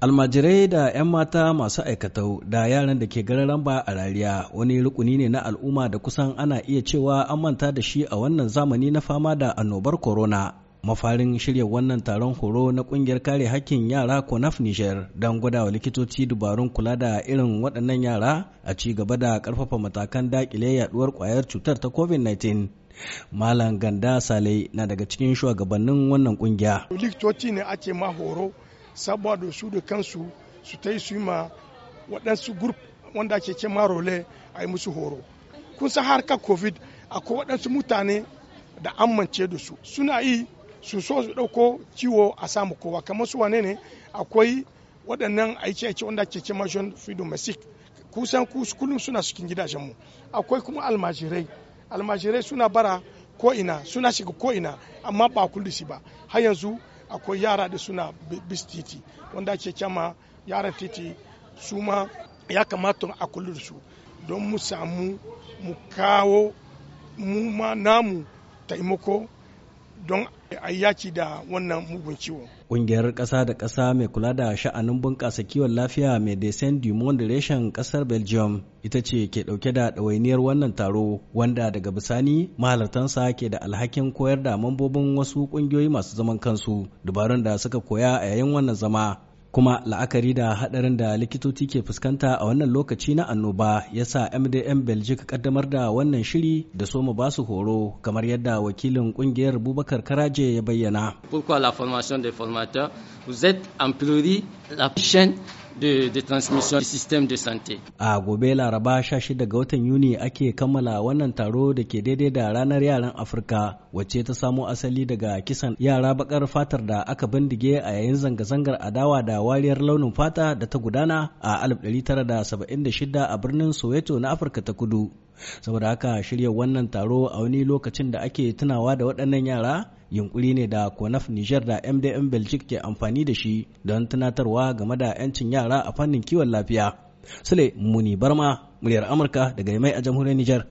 almajirai da 'yan mata masu aikatau da yaran da ke garin ramba a rariya wani rukuni ne na al'umma da kusan ana iya cewa an manta da shi a wannan zamani na fama da annobar corona mafarin shirya wannan taron horo na kungiyar kare hakkin yara konaf niger don gwadawa likitoci dubarun kula da irin waɗannan yara a ci gaba da ƙarfafa matakan daƙile yaɗuwar ƙwayar cutar ta covid-19 malam ganda sale na daga cikin shugabannin wannan kungiya likitoci ne ake ma horo saboda su da kansu su ta yi su yi ma waɗansu group wanda ake ce marole a yi musu horo kun har ka covid akwai waɗansu mutane da amince da su suna yi su so su ɗauko ciwo a samu kowa kamar su wane ne akwai waɗannan aiki-aiki wanda ake ce mashon freedom masik kusan kullum suna cikin gidajenmu akwai kuma almajirai almajirai suna bara ko'ina suna shiga ko'ina amma ba kulisi ba har yanzu akwai yara da suna bis titi wanda ake kyama yara titi su ma ya kamata a kulursu don mu samu mu kawo mu ma namu taimako don a yaki da wannan mugun ciwo. Ƙungiyar ƙasa da ƙasa mai kula da sha'anin bunƙasa kiwon lafiya mai du Monde reshen ƙasar Belgium ita ce ke ɗauke da ɗawainiyar wannan taro wanda daga bisani mahalartansa ke da alhakin koyar da mambobin wasu ƙungiyoyi masu zaman kansu dabarun da suka koya a yayin wannan zama kuma la'akari da hadarin da likitoci ke fuskanta a wannan lokaci na annoba ya sa mdm belgique kaddamar da wannan shiri da soma ba su horo kamar yadda wakilin kungiyar bubakar karaje ya bayyana pourquoi la formation des formateurs vous êtes en la chaîne de, de transmission du système de santé. A gobe Laraba 16 ga watan Yuni ake kammala wannan taro da ke daidai da ranar yaran Afirka wacce ta samo asali daga kisan yara bakar fatar da aka bindige a yayin zanga-zangar adawa da wariyar launin fata da ta gudana a 1976 a birnin Soweto na Afirka ta Kudu. Saboda haka shirya wannan taro a wani lokacin da ake tunawa da waɗannan yara yunkuri ne da konaf niger da mdm belgique ke amfani da shi don tunatarwa game da 'yancin yara a fannin kiwon lafiya sule muni barma muryar amurka daga mai a jamhuriyar Nijar.